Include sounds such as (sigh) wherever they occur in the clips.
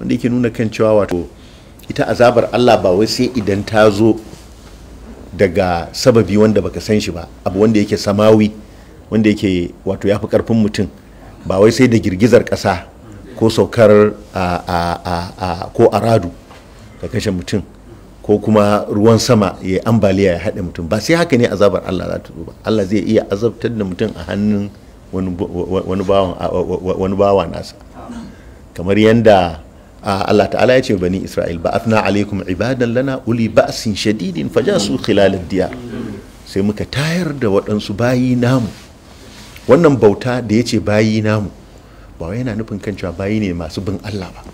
wanda yake nuna kan cewa wato ita azabar Allah ba wai sai idan ta zo daga sababi wanda baka san shi ba abu wanda yake samawi wanda yake wato ya fi karfin mutum ba wai sai da girgizar ƙasa ko saukar a ko aradu ka kashe mutum ko kuma ruwan sama ya ambaliya ya haɗe mutum ba sai haka ne azabar Allah za ta zo ba Allah zai iya azabtar da mutum a hannun wani bawa nasa kamar yadda Ah, Allah ta'ala ya ce bani Isra'il ba afna alaikum ibadan lana uli ba'sin shadidin fajasu khilal diyar sai muka tayar da waɗansu bayi namu wannan bauta da ya ce bayi namu ba yana nufin kan cewa bayi ne masu bin Allah ba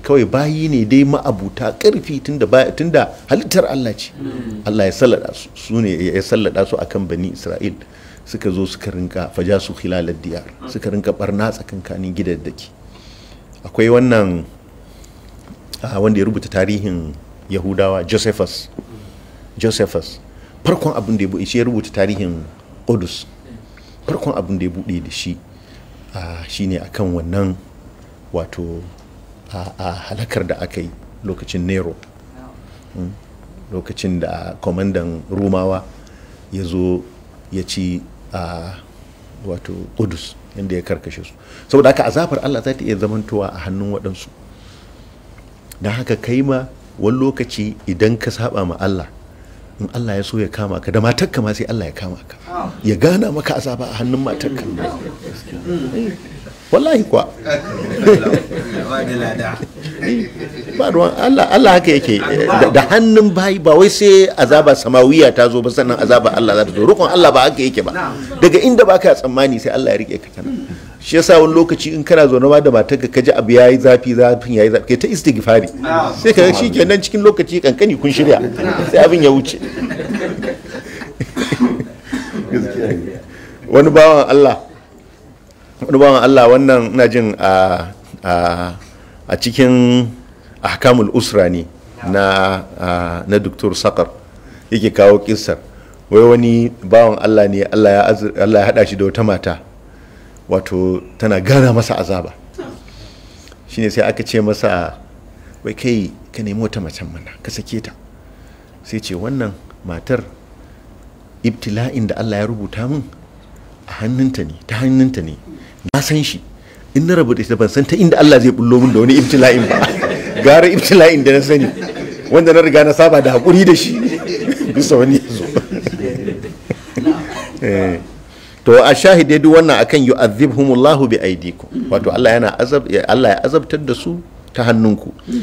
kawai bayi ne dai ma'abuta karfi tunda halittar Allah ce Allah ya sallada su su ya sallada su akan bani Isra'il suka zo suka rinka faja su khilalad diyar suka rinka barna tsakankanin gidaddaki akwai wannan wanda ya rubuta tarihin yahudawa josephus josephus farkon abin da ya buɗe shi ya rubuta tarihin odus farkon abin da ya buɗe da shi shine akan wannan wato a halakar da aka yi lokacin nero hmm? lokacin da kwamandan rumawa ya zo ya ci a wato odus inda ya karkashe su saboda haka azafar allah za ta iya zamantowa a hannun waɗansu don haka kai ma wani lokaci idan ka saba ma Allah in Allah ya so ya kama ka da matakka ma sai Allah ya kama ka ya gana maka azaba a hannun matakka wallahi kuwa ba da Allah Allah haka yake da hannun bayi ba wai sai azaba samawiya ta zo ba sannan azaba Allah za ta zo rukun Allah ba haka yake ba daga inda baka tsammani sai Allah ya rike ka tana shi yasa wani lokaci in kana zaune ma da ka kaji abu yayi zafi zafin yayi zafi kai ta istighfari sai ka shi nan cikin lokaci kankani kun shirya sai abin ya wuce wani bawan Allah wani bawan Allah wannan ina jin a a cikin ahkamul usra ne na na doktor sakar yake kawo kissar wai wani bawan Allah ne Allah ya hada shi da wata mata wato tana gana masa azaba shine sai aka ce masa wai kai ka nemi wata macen mana ka sake ta sai ce wannan matar ibtila'in da Allah ya rubuta min a hannunta ne ta hannunta ne na san shi in na da ita ban san ta inda Allah zai bullo min da wani ibtila'in ba (laughs) gara ibtila'in da na sani wanda na riga na saba da haƙuri da shi (laughs) bisa wani zo. (laughs) Eh. to a shahide duk wannan akan yu'adhibhumullahu bi aidikum wato Allah yana azab Allah ya azabtar da su ta hannunku